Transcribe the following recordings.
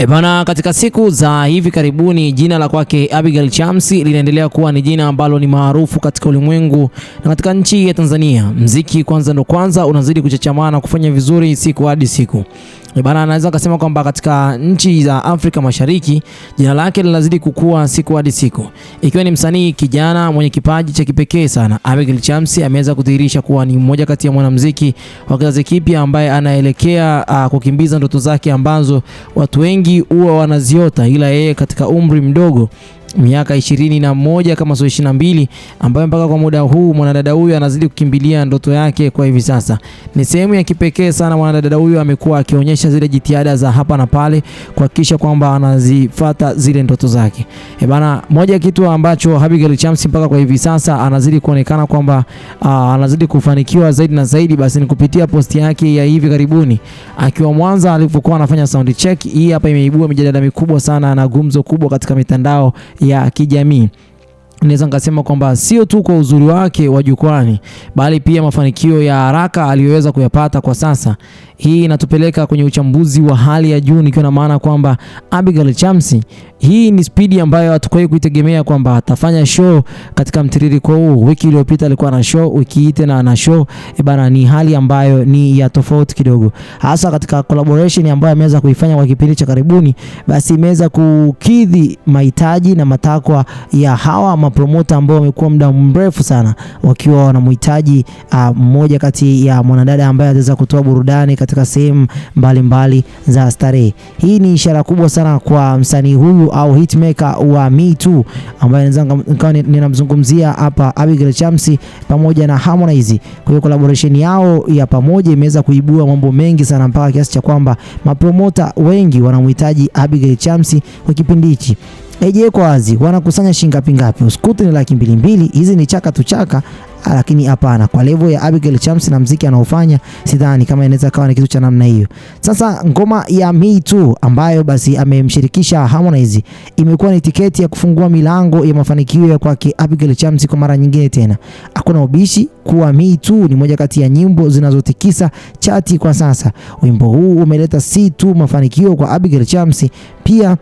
Ebana, katika siku za hivi karibuni jina la kwake Abigail Chams linaendelea kuwa ni jina ambalo ni maarufu katika ulimwengu na katika nchi ya Tanzania. Mziki kwanza ndo kwanza unazidi kuchachamana na kufanya vizuri siku hadi siku. Bana anaweza kusema kwamba katika nchi za Afrika Mashariki jina lake linazidi kukua siku hadi siku, ikiwa ni msanii kijana mwenye kipaji cha kipekee sana. Abigail Chamsi ameweza kudhihirisha kuwa ni mmoja kati ya mwanamuziki wa kizazi kipya ambaye anaelekea uh, kukimbiza ndoto zake ambazo watu wengi huwa wanaziota, ila yeye katika umri mdogo miaka ishirini na moja kama sio ishirini na mbili ambayo mpaka kwa muda huu mwanadada huyu anazidi kukimbilia ndoto yake. Kwa hivi sasa ni sehemu ya kipekee sana, mwanadada huyu amekuwa akionyesha zile jitihada za hapa na pale kuhakikisha kwamba anazifata zile ndoto zake. E bana, moja kitu ambacho Abigail Chams mpaka kwa hivi sasa anazidi kuonekana kwamba anazidi kufanikiwa zaidi na zaidi, basi ni kupitia posti yake ya hivi karibuni akiwa Mwanza alipokuwa anafanya sound check. Hii hapa imeibua mijadala mikubwa sana na gumzo kubwa katika mitandao ya kijamii naweza nikasema kwamba sio tu kwa uzuri wake wa jukwani, bali pia mafanikio ya haraka aliyoweza kuyapata kwa sasa. Hii inatupeleka kwenye uchambuzi wa hali ya juu, nikiwa na maana kwamba Abigail Chamsi, hii ni spidi ambayo hatukuwahi kuitegemea kwamba atafanya show katika mtiririko huu. Wiki iliyopita alikuwa na show, wiki hii tena ana show. E bana, ni hali ambayo ni ya tofauti kidogo, hasa katika collaboration ambayo ameweza kuifanya kwa kipindi cha karibuni, basi imeweza kukidhi mahitaji na matakwa ya hawa mapromota ambao wamekuwa muda mrefu sana wakiwa wanamhitaji ah, mmoja kati ya mwanadada ambaye ataweza kutoa burudani katika sehemu mbalimbali za starehe. Hii ni ishara kubwa sana kwa msanii huyu au hitmaker wa Me Too ambaye ninamzungumzia hapa Abigail Chamsi pamoja na Harmonize. Kwa hiyo collaboration yao ya pamoja imeweza kuibua mambo mengi sana mpaka kiasi cha kwamba mapromota wengi wanamhitaji Abigail Chamsi kwa kipindi hichi. Eje kwa wazi wanakusanya shingapi ngapi, usikute ni laki mbili mbili. Hizi ni chaka tu chaka, lakini hapana, kwa level ya Abigail Chams na mziki anaofanya, sidhani kama inaweza kawa ni kitu cha namna hiyo. Sasa ngoma ya Me Too ambayo basi amemshirikisha Harmonize imekuwa ni tiketi ya kufungua milango ya mafanikio ya kwake Abigail Chams kwa mara nyingine tena. Hakuna ubishi kuwa Me Too ni moja kati ya nyimbo zinazotikisa chati kwa sasa. Wimbo huu umeleta si tu mafanikio kwa Abigail Chams, pia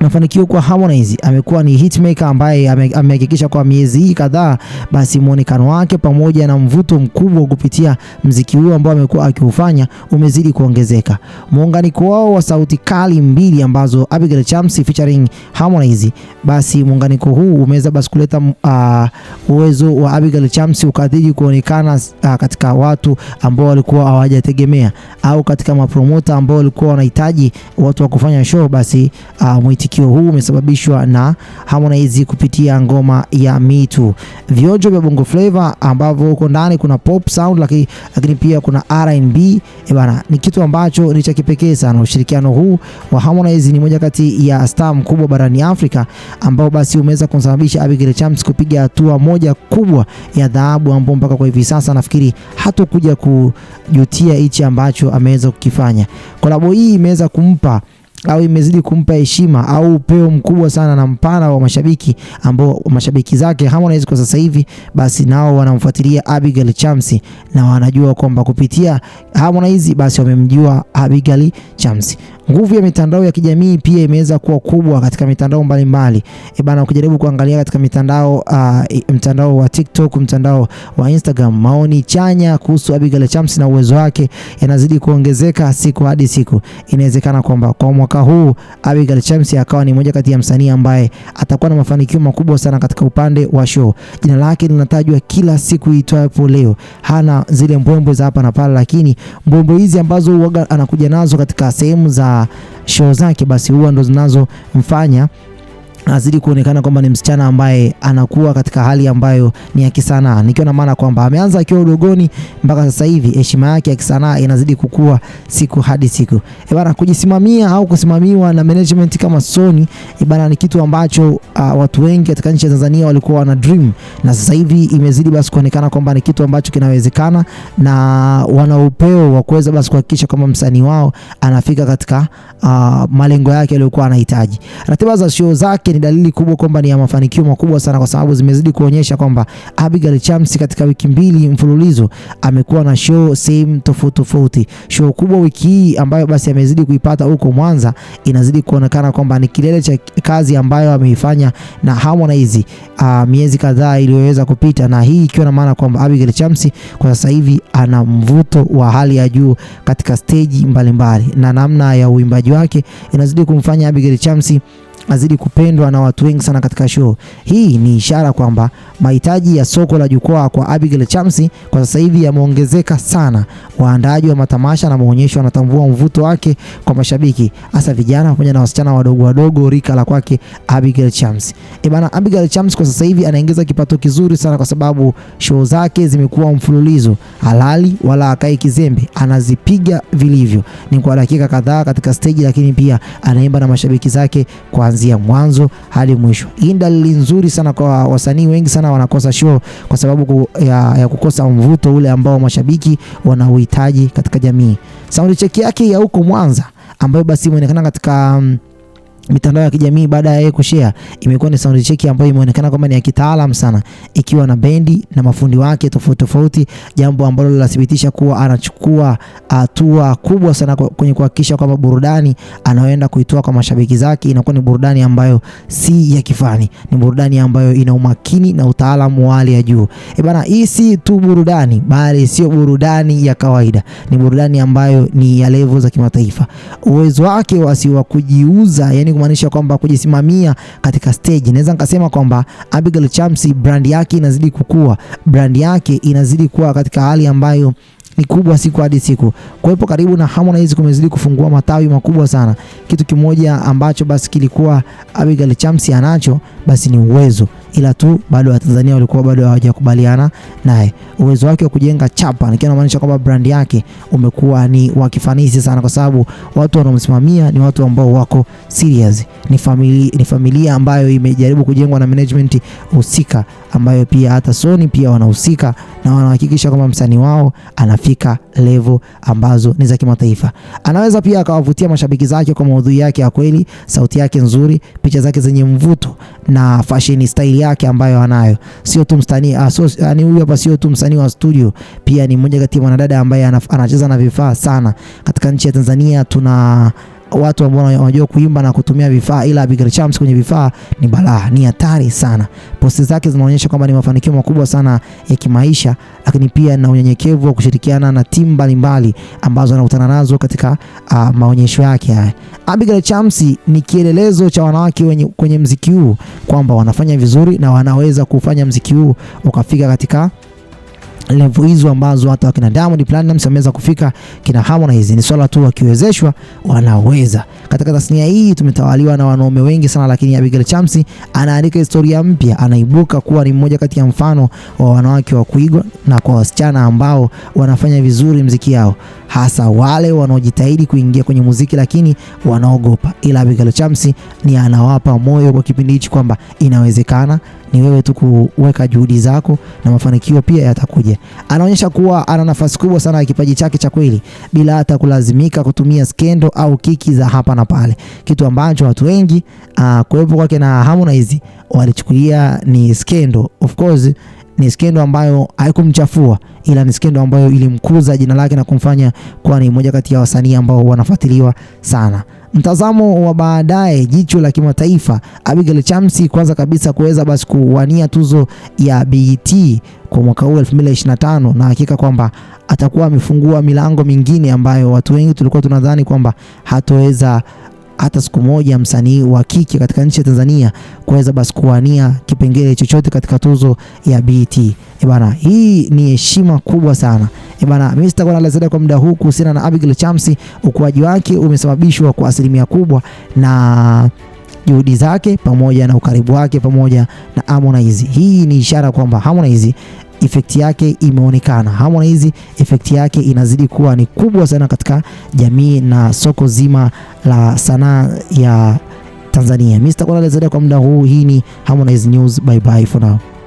Mafanikio kwa Harmonize, amekuwa ni hitmaker ambaye amehakikisha kwa miezi hii kadhaa, basi mwonekano wake pamoja na mvuto mkubwa kupitia mziki huo ambao amekuwa akiufanya umezidi kuongezeka. Muunganiko wao wa sauti kali mbili ambazo Abigail Chams featuring Harmonize, basi muunganiko huu umeweza basi kuleta uh, uwezo wa Abigail Chams ukazidi kuonekana uh, katika watu ambao walikuwa hawajategemea au katika mapromota ambao walikuwa wanahitaji watu wa kufanya show, basi uh, mwiti Mwitikio huu umesababishwa na Harmonize kupitia ngoma ya Mitu. Vionjo vya Bongo Flava ambavyo huko ndani kuna pop sound, lakini lakini pia kuna R&B eh bana, ni kitu ambacho ni cha kipekee sana. Ushirikiano huu wa Harmonize ni moja kati ya star mkubwa barani Afrika ambao basi umeweza kumsababisha Abigail Chams kupiga hatua moja kubwa ya dhahabu, ambapo mpaka kwa hivi sasa nafikiri hatokuja kujutia hichi ambacho ameweza kukifanya. Kolabo hii imeweza kumpa au imezidi kumpa heshima au upeo mkubwa sana na mpana wa mashabiki ambao mashabiki zake Harmonize kwa sasa hivi basi nao wanamfuatilia Abigail Chamsi na wanajua kwamba kupitia Harmonize basi wamemjua Abigail Chamsi. Nguvu ya mitandao ya kijamii pia imeweza kuwa kubwa katika mitandao mbalimbali. E bana, ukijaribu kuangalia katika mitandao uh, mtandao wa TikTok, mtandao wa Instagram, maoni chanya kuhusu Abigail Chams na uwezo wake yanazidi kuongezeka siku hadi siku. Inawezekana kwamba kwa mwaka huu Abigail Chams akawa ni moja kati ya msanii ambaye atakuwa na mafanikio makubwa sana katika upande wa show. Jina lake linatajwa kila siku itwapo leo. Hana zile mbwembwe za hapa na pale, lakini mbwembwe hizi ambazo anakuja nazo katika sehemu za show zake, basi huwa ndo zinazomfanya azidi kuonekana kwamba ni msichana ambaye anakuwa katika hali ambayo ni ya kisanaa, nikiwa na maana kwamba ameanza akiwa udogoni mpaka sasa hivi heshima yake ya kisanaa inazidi kukua siku hadi siku. E bana, kujisimamia au kusimamiwa na management kama Sony e bana, ni kitu ambacho uh, watu wengi katika nchi ya Tanzania walikuwa wana dream, na sasa hivi imezidi basi kuonekana kwamba ni kitu ambacho kinawezekana na wana upeo wa kuweza basi kuhakikisha kwamba msanii wao anafika katika uh, malengo yake aliyokuwa anahitaji. Ratiba za show zake yake ni dalili kubwa kwamba ni ya mafanikio makubwa sana, kwa sababu zimezidi kuonyesha kwamba Abigail Chams katika wiki mbili mfululizo amekuwa na show sehemu tofauti tofauti. Show kubwa wiki hii ambayo basi amezidi kuipata huko Mwanza inazidi kuonekana kwamba ni kilele cha kazi ambayo ameifanya na Harmonize uh, miezi kadhaa iliyoweza kupita, na hii ikiwa na maana kwamba Abigail Chams kwa sasa hivi ana mvuto wa hali ya juu katika steji mbalimbali, na namna ya uimbaji wake inazidi kumfanya Abigail Chams azidi kupendwa na watu wengi sana katika show. Hii ni ishara kwamba mahitaji ya soko la jukwaa kwa Abigail Chamsi kwa sasa hivi yameongezeka sana. Waandaaji wa matamasha na maonyesho wanatambua mvuto wake kwa mashabiki, hasa vijana pamoja na wasichana wadogo wadogo rika la kwake Abigail Chamsi. E bana, Abigail Chamsi kwa sasa hivi anaingiza kipato kizuri sana kwa sababu show zake zimekuwa mfululizo, halali wala akai kizembe, anazipiga vilivyo, ni kwa dakika kadhaa katika stage, lakini pia anaimba na mashabiki zake kwanza kuanzia mwanzo hadi mwisho. Hii dalili nzuri sana kwa wasanii wengi sana wanakosa show kwa sababu ya, ya kukosa mvuto ule ambao mashabiki wanauhitaji katika jamii. Sound check yake ya huko Mwanza ambayo basi imeonekana katika um, mitandao ya kijamii baada ya yeye kushare, imekuwa ni sound check ambayo imeonekana kwamba ni ya kitaalamu sana, ikiwa na bendi na mafundi wake tofauti tofauti, jambo ambalo linathibitisha kuwa anachukua ah, hatua kubwa sana kwenye kuhakikisha kwamba burudani anayoenda kuitoa kwa mashabiki zake inakuwa ni burudani ambayo si ya kifani, ni burudani ambayo ina umakini na utaalamu wa hali ya juu. E bana, hii si tu burudani, bali sio burudani ya kawaida, ni burudani ambayo ni ya level za kimataifa. Uwezo wake wasiwa kujiuza yani ni kumaanisha kwamba kujisimamia katika stage. Naweza nikasema kwamba Abigail Chams brand yake inazidi kukua, brand yake inazidi kuwa katika hali ambayo ni kubwa siku hadi siku. Kuwepo karibu na Harmonize kumezidi kufungua matawi makubwa sana. Kitu kimoja ambacho basi kilikuwa Abigail Chams anacho basi ni uwezo ila tu bado Watanzania walikuwa bado hawajakubaliana naye. Uwezo wake wa kujenga chapa, nikiwa namaanisha kwamba brand yake umekuwa ni wa kifanisi sana, kwa sababu watu wanaomsimamia ni watu ambao wako serious, ni familia, ni familia ambayo imejaribu kujengwa na management husika, ambayo pia hata Sony pia wanahusika na wanahakikisha kwamba msanii wao anafika level ambazo ni za kimataifa. Anaweza pia akawavutia mashabiki zake kwa maudhui yake ya kweli, sauti yake nzuri, picha zake zenye mvuto na fashion style yake yake ambayo anayo. Sio tu msanii, ah, yani huyu hapa sio tu msanii wa studio, pia ni mmoja kati ya mwanadada ambaye anacheza na vifaa sana. Katika nchi ya Tanzania tuna watu ambao wanajua kuimba na kutumia vifaa, ila Abigail Chams kwenye vifaa ni balaa, ni hatari sana. Posti zake zinaonyesha kwamba ni mafanikio makubwa sana ya kimaisha, lakini pia na unyenyekevu wa kushirikiana na timu mbalimbali ambazo anakutana nazo katika uh, maonyesho yake haya. Abigail Chams ni kielelezo cha wanawake kwenye mziki huu kwamba wanafanya vizuri na wanaweza kufanya mziki huu ukafika katika levo hizo ambazo hata wakina Diamond Platnumz wameweza kufika, kina Harmonize ni swala tu wakiwezeshwa wanaweza. Katika tasnia hii tumetawaliwa na wanaume wengi sana, lakini Abigail Chams anaandika historia mpya, anaibuka kuwa ni mmoja kati ya mfano wa wanawake wa kuigwa na kwa wasichana ambao wanafanya vizuri mziki yao, hasa wale wanaojitahidi kuingia kwenye muziki lakini wanaogopa, ila Abigail Chams ni anawapa moyo kwa kipindi hichi kwamba inawezekana ni wewe tu kuweka juhudi zako na mafanikio pia yatakuja. Anaonyesha kuwa ana nafasi kubwa sana ya kipaji chake cha kweli bila hata kulazimika kutumia skendo au kiki za hapa na pale, kitu ambacho watu wengi uh, kuwepo kwake na Harmonize walichukulia ni skendo. Of course ni skendo ambayo haikumchafua ila ni skendo ambayo ilimkuza jina lake na kumfanya kuwa ni mmoja kati ya wasanii ambao wanafuatiliwa sana. Mtazamo wa baadaye, jicho la kimataifa. Abigail Chamsi kwanza kabisa kuweza basi kuwania tuzo ya BET kwa mwaka huu 2025 na hakika kwamba atakuwa amefungua milango mingine ambayo watu wengi tulikuwa tunadhani kwamba hatoweza hata siku moja msanii wa kike katika nchi ya Tanzania kuweza basi kuwania kipengele chochote katika tuzo ya BET. E bana, hii ni heshima kubwa sana. E bana, mimi sitakuwa na la kwa muda huu kuhusiana na Abigail Chamsi. Ukuaji wake umesababishwa kwa asilimia kubwa na juhudi zake pamoja na ukaribu wake pamoja na Harmonize. Hii ni ishara kwamba Harmonize efekti yake imeonekana. Harmonize efekti yake inazidi kuwa ni kubwa sana katika jamii na soko zima la sanaa ya Tanzania. Mr. Kona zaidi kwa muda huu, hii ni Harmonize News. Bye bye for now.